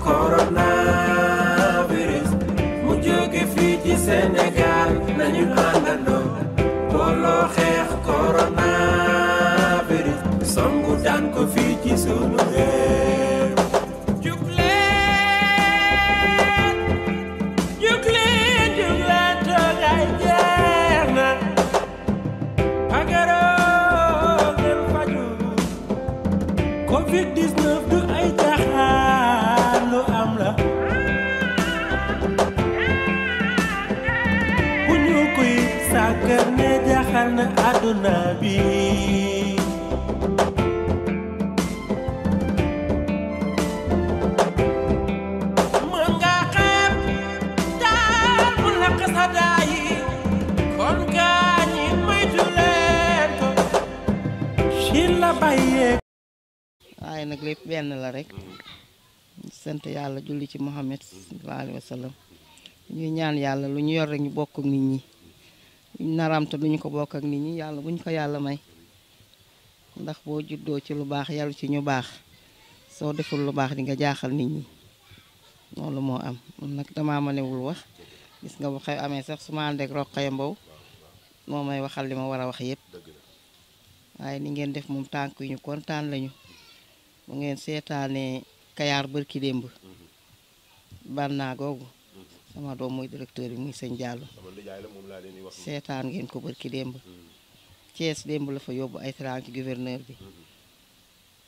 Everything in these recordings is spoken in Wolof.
coronavirus mu jóge fii ci Nabi Mengakap dan pulang kesadai Kon kanyi baye la rek julli ci Muhammad sallallahu sallam ñaan yàlla lu ñu yor rek ñu bokk nit ñi naramta lu ñu ko bokk ak nit ñi yàlla bu ko yàlla may ndax boo juddoo ci lu baax yàlla ci ñu baax soo deful lu baax di nga jaaxal nit ñi loolu moo am man nag damaa mënewul wax gis nga bu xew amee sax su ma ànd ak Mbow moo may waxal li ma war a wax yépp waaye ni ngeen def moom tànk yu ñu kontaan lañu bu ngeen seetaanee kayaar bërki démb bannaa sama doom mooy directeur bi muy sëñ Diallo seetaan ngeen ko barki démb hmm. Thiès démb la fa yóbbu ay teraanga ci gouverneur bi hmm.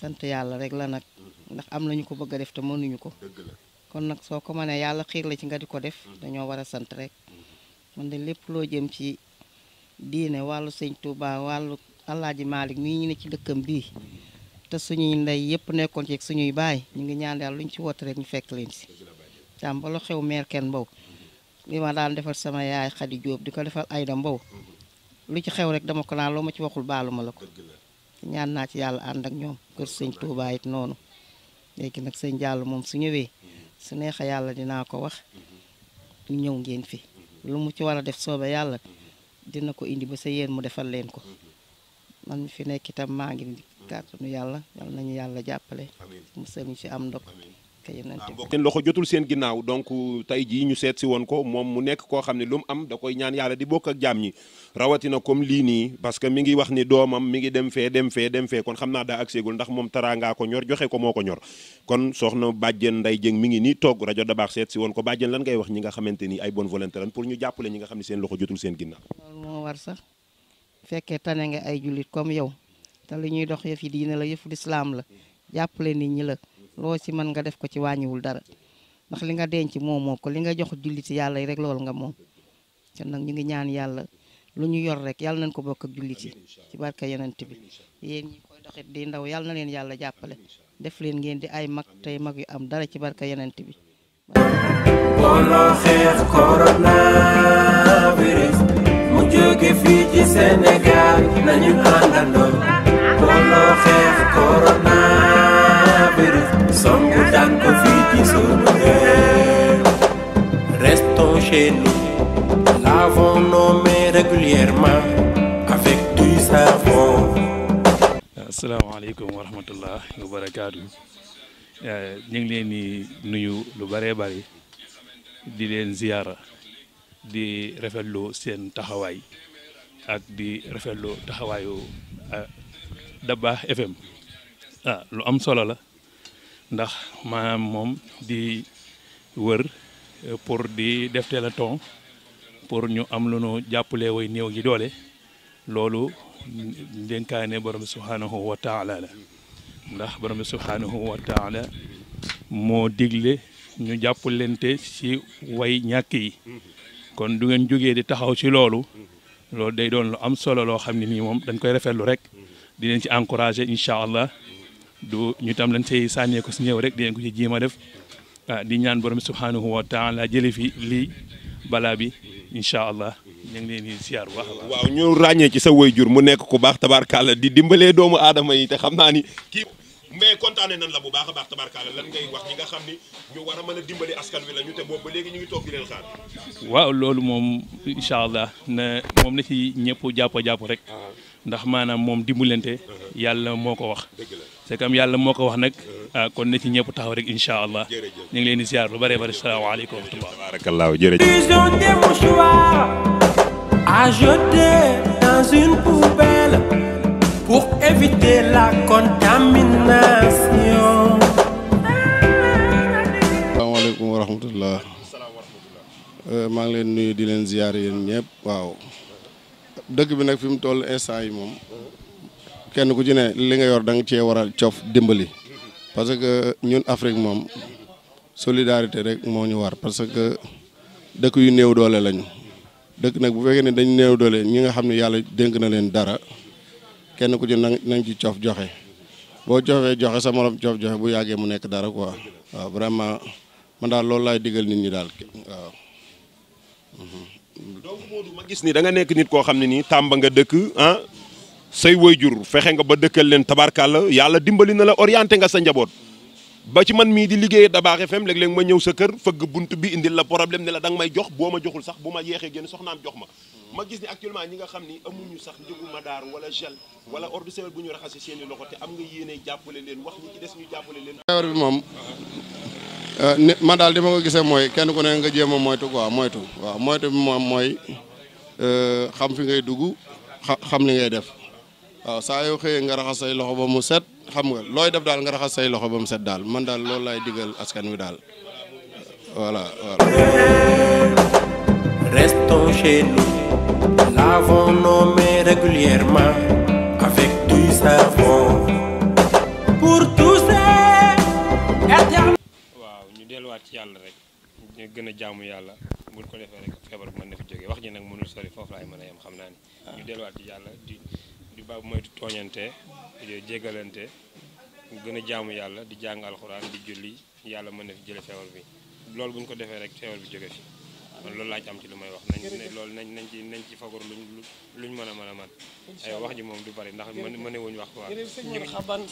sant yàlla rek la nag hmm. ndax am nañu ko bëgg a def te mënuñu ko kon nag soo ko manee yàlla xiir la ci nga di ko def dañoo war a sant rek mën de lépp loo jëm ci diine wàllu sëñ Touba wàllu Alaaji Malick mii ñu ne ci dëkkam bii te suñuy ndey yëpp nekkoon ci suñuy baay ñu ngi ñaan yàlla luñ ci woote rek ñu fekk leen si càmm ba lu xew meer kenn mbow li ma daan defal sama yaay Xadi Jóob di ko defal Ayda Mbow lu ci xew rek dama ko naan loo ma ci waxul baalu ma la ko ñaan naa ci yàlla ànd ak ñoom kër sëñ Tuubaa noonu léegi nag sëñ Jàll moom su ñëwee su neexa yàlla dinaa ko wax ñu ñëw ngeen fi lu mu ci war a def soobe yàlla dina ko indi ba sa yéen mu defal leen ko man mi fi nekk itam maa ngi kàttanu yàlla yal nañu yàlla jàppale musal ñu ci am ndog seen ah, loxo jotul sen ginnaaw donc tey jii ñu seet si woon ko moom mu nekk koo xam ne am da koy ñaan yàlla di bokk ak jaam ñi rawatina comme lii nii parce que mi ngi wax ni doomam mi ngi dem fee dem fee dem fee kon xam naa daa ak séegul ndax moom taraangaa ko ñor joxe ko moo ñor kon soxna bàjjen Ndeye Dieng mi ngi nii toog rajo Dabaax seet si woon ko bàjjen lan ngay wax ñi nga xamante ni ay bonne volonté lan pour ñu jàppale ñi nga xam ne seen loxo jotul seen ginnaaw loolu moo war sax fekkee tane nga ay jullit comme yow te li ñuy dox yëf diine la yëfu lislaam la jàppale nit ñi la loo ci mën nga def ko ci wàññiwul dara ndax li nga denc moo moo ko li nga jox julliti yàlla yi rek loolu nga moom kon nag ñu ngi ñaan yàlla lu ñu yor rek yàlla nañ ko bokk ak julliti ci barka yonent bi yéen ñi koy doxit di ndaw yàlla na leen yàlla jàppale def leen ngeen di ay mag tey mag yu am dara ci barka yonent bi boolo mu jóge fii ci Sénégal nañu àndandoo chez nous. Lavons nos mains régulièrement ñu ngi leen di nuyu lu bëree bëri di leen ziyaara di rafetlu seen taxawaay ak di rafetlu taxawaayu ah, Dabakh ah, FM lu am solo la ndax maanaam moom di wër. Euh, pour di def téléthon pour ñu am lu nu jàppale way néew ji doole loolu ndénkaane borom bi subhaanahu wa taala ndax borom bi subhaanahu wa taala moo digle ñu jàpp lente ci way ñàkk yi kon du ngeen jógee di taxaw ci loolu loolu day doon lu am solo loo xam ne nii moom dañ koy rafetlu rek di leen ci encouragé incha allah du ñu tam leen say sànnee ko si ñëw rek di leen ko ci jéem a def ah di ñaan borom subhanahu wa taala jëlee fi lii balaa bi incha allah ñu ngi leen di siyaar bu waaw ñu ràññee ci sa waajur mu nekk ku baax tabaarkàlla di dimbalee doomu aadama yi te xam naa ni kii mais kontaane nan la bu baax a baax tabaarkàlla lan ngay wax ñi nga xam ni ñu war a mën a dimbali askan wi la ñu te boobu ba léegi ñu ngi toog di leen xaar. waaw loolu moom incha allah na moom na ci ñëpp jàpp jàpp rek ah. ndax maanaam moom dimbalante ah. yàlla moo ko wax. dëgg la. c'est comme yàlla moo ko wax nag ah, kon na ci ñëpp taxaw rek incha allah ñu ngi leen di ziar lu bare bëri salaamaaleykum wa rahmatulah. barakallahu jërëjëf. Euh, maa ngi leen nuyu di leen ziar yéen ñëpp waaw. dëkk bi nag fi mu toll instant yi moom. kenn ku ci ne li nga yor dang ci cee ciof dimbali parce que ñun Afrique mom solidarité rek mo ñu war parce que dekk yu neew doole lañu dekk nak bu fekkee ne dañ neew doole ñi nga xamni ne denk na len dara kenn ku ci na nañ ci ciof joxe bo joxe joxe sa morom ciof joxe bu yagge mu nekk dara quoi wa vraiment man daal loolu lay digal nit ñi dal wa donc Modou ma gis ni da nga nekk nit ko xamni ni Tamba nga dëkk ah. say wayjur fexe nga ba dëkkal leen tabarkàlla yàlla dimbali na la orienté nga sa njaboot ba ci man mii di liggéeyee Dabakh FM léeg-léeg ma ñëw sa kër fëgg bunt bi indil la problème ne la da nga may jox boo ma joxul sax bu ma yeexee génn soxnaam jox ma ma gis ni actuellement ñi nga xam ni amuñu sax njëgu madaar wala gel wala ordre sewel bu ñu raxase seen i loxo te am nga yéene jàppale leen wax ñi ci des ñu jàppale leen feebar bi moom euh, ni daal di ma ko gisee mooy kenn ku ne nga jéem a moytu quoi moytu waaw moytu bi moom mooy euh, xam fi ngay dugg xam li def waaw saa yoo xëyee nga raxas say loxo ba mu set xam nga looy def daal nga raxas say loxo ba mu set daal man daal loolu laay digal askan wi daal waaw ñu delluwaat ci yàlla rek ñu gën a jaamu yàlla. buñ ko defee rek feebar bu mën na fi wax ji nag mënul sori foofu laay mën a yem xam naa ni ñu delluwaat ci yàlla di ba moytu tooñante jéggalante gën a jaamu yàlla di jàng alxuraan di julli yàlla mën na fi jële feebar bi loolu bu ñu ko defee rek feebar bi jóge fi man loolu laa am ci lu may wax nañ loolu nañ nañ ci nañ ci fagaru luñ luñ mën a mën a man ay wax ji moom du bari ndax mën mënewuñ wax quoi. jërëjëf sëñ Mor Xabane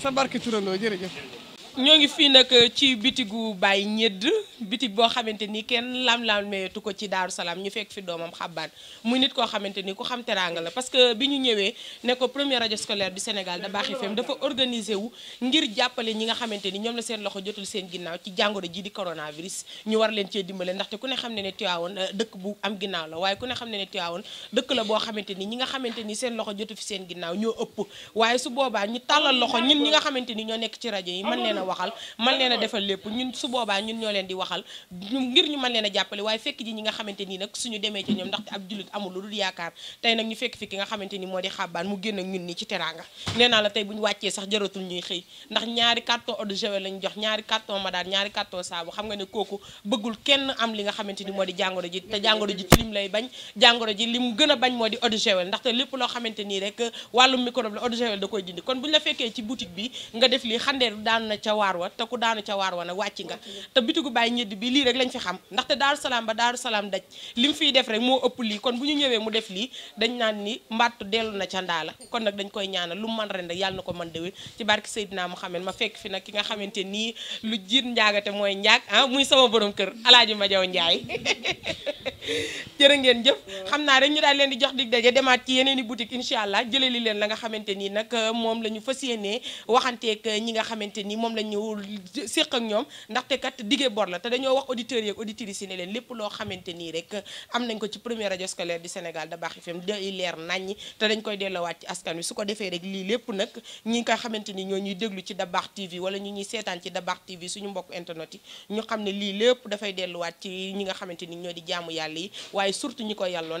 sa barke turandoo jërëjëf. ñoo ngi fii nag ci bitigu Baye ñedd bitig boo xamante nii kenn lam-lam meetu ko ci Daaru Salaam ñu fekk fi doomam xabbaan muy nit koo xamante ni ku xam teraanga la parce que bi ñu ñëwee ne ko première radio scolaire du Sénégal Dabakh FM dafa organiser wu ngir jàppale ñi nga xamante ni ñoom la seen loxo jotul seen ginnaaw ci jàngoro ji di coronavirus ñu war leen cee ndaxte ku ne xam ne ne Tiwaawoon euh, dëkk bu am ginnaaw la waaye ku ne xam ne ne Tiwaawoon dëkk la boo xamante ni ñi nga xamante ni seen loxo jotu fi seen ginnaaw ñoo ëpp waaye su boobaa ñu tàllal loxo ñun ñi nga xamante ni ñoo nekk ci rajo yi mën a waxal man leen a defal lépp ñun su boobaa ñun ñoo leen di waxal ngir ñu mën leen a jàppale waaye fekk ji ñi nga xamante nii nag suñu demee ci ñoom ndaxte ab jullit amul lu dul yaakaar tey nag ñu fekk fi ki nga xamante ni moo di xàbbaan mu génn ñun ni ci teraanga nee la tey bu wàccee sax jaratul ñuy xëy ndax ñaari carton eau de jox ñaari carton madaar ñaari carton saabu xam nga ne kooku bëggul kenn am li nga xamante ni moo di jàngoro a ca waar wa te ku daanu ca waar wa na wàcc nga te bitigu baay ñeddi bi lii rek lañ fi xam ndaxte daaru salaam ba daaru salaam daj li mu fiy def rek moo ëpp lii kon bu ñu ñëwee mu def lii dañ naan ni mbattu dellu na ca ndaa la kon nag dañ koy ñaana lu man ren rek yàlla na ko man déwé ci barke Seydina Muhammad ma fekk fi nag ki nga xamante nii lu jiit njaagate mooy njaag ah muy sama borom kër alaaj ma jaw njaay jërë ngeen jëf naa rek ñu daal leen di jox dig daje demaat ci yeneen i boutique incha allah jëlee leen la nga xamante ni nag euh, moom la ñu fas yéenee waxanteeg euh, ñi nga xamante ni moom la ñu séq ak ñoom ndaxte kat digee bor la te dañoo wax auditeurs yeeg auditrices yi ne leen lépp loo xamante nii rek euh, am nañ ko ci premier rajo scolaire du Sénégal Dabakh FM day leer naññi te dañ koy delloowaat ci askan wi su ko defee rek lii lépp nag ñi nga xamante ni ñoo ñuy déglu ci Dabakh TV wala ñu ñuy seetaan ci Dabakh TV suñu mbokk internet yi ñu xam ne lii lépp dafay delluwaat ci ñi nga xamante ni ñoo di jaamu yàlla yi waaye surtout ñi ko yàlloo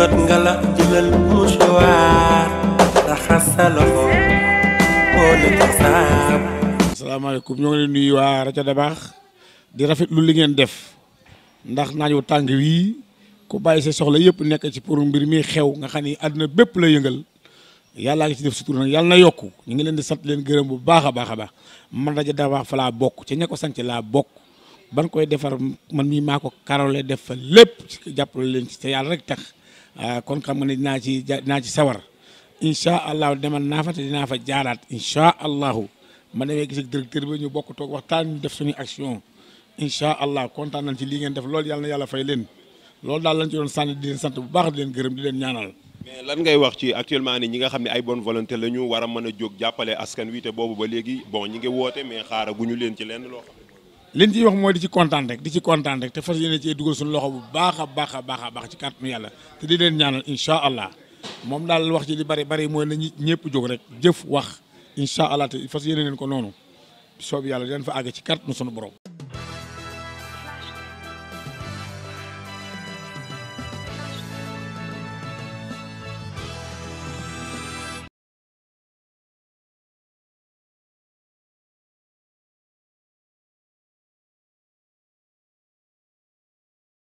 kat nga la jëlal mouchoir raxas sa loxo boole ko assalamu alaykum ñoo ngi leen nuyu waa rajo dabax di rafet lu li ngeen def ndax nañu tang wi ku bàyyi sa iya, soxla yëpp nekk ci pour mbir mi xew nga xani aduna àdduna ya, la yëngal yalla nga ci def sutur nak yalla na yokku ñu ngi leen di sant leen gëreem bu baaxa baaxa baax man rajo Dabaax fa laa bokk ca ña ko sant la bok ban koy ya defar man mi mako ko karole ya def lepp lépp jàppale leen ci te yàlla rek tax Ah, kon xam nga ne naa ci dinaa ci sawar incha allahu demal naa fa te dinaa fa jaaraat incha allahu ma demee gis ak directeur bi ñu bokk toog waxtaan ñu def suñu action incha allah kontaan nañ ci lii ngeen def loolu yàlla na fay leen lool daal lañ ci doon sànni di leen sant bu baax leen gërëm di leen ñaanal. mais lan ngay wax ci actuellement ni ñi nga xam ne ay bonne volonté la ñu war a mën a jóg jàppale askan wi boobu ba léegi bon ñi ngi woote mais xaaraguñu leen ci lenn loo liñ ciy wax mooy di ci kontaan rek di ci kontaan rek te fas yéene cee dugal suñu loxo bu baax a baax a baax a baax ci kàttanu yàlla te di leen ñaanal incha allah moom daal wax ji li bari bari mooy nañu ñëpp jóg rek jëf wax incha allah te fas yéene leen ko noonu soob yàlla di leen fa àgg ci kàttanu suñu borom.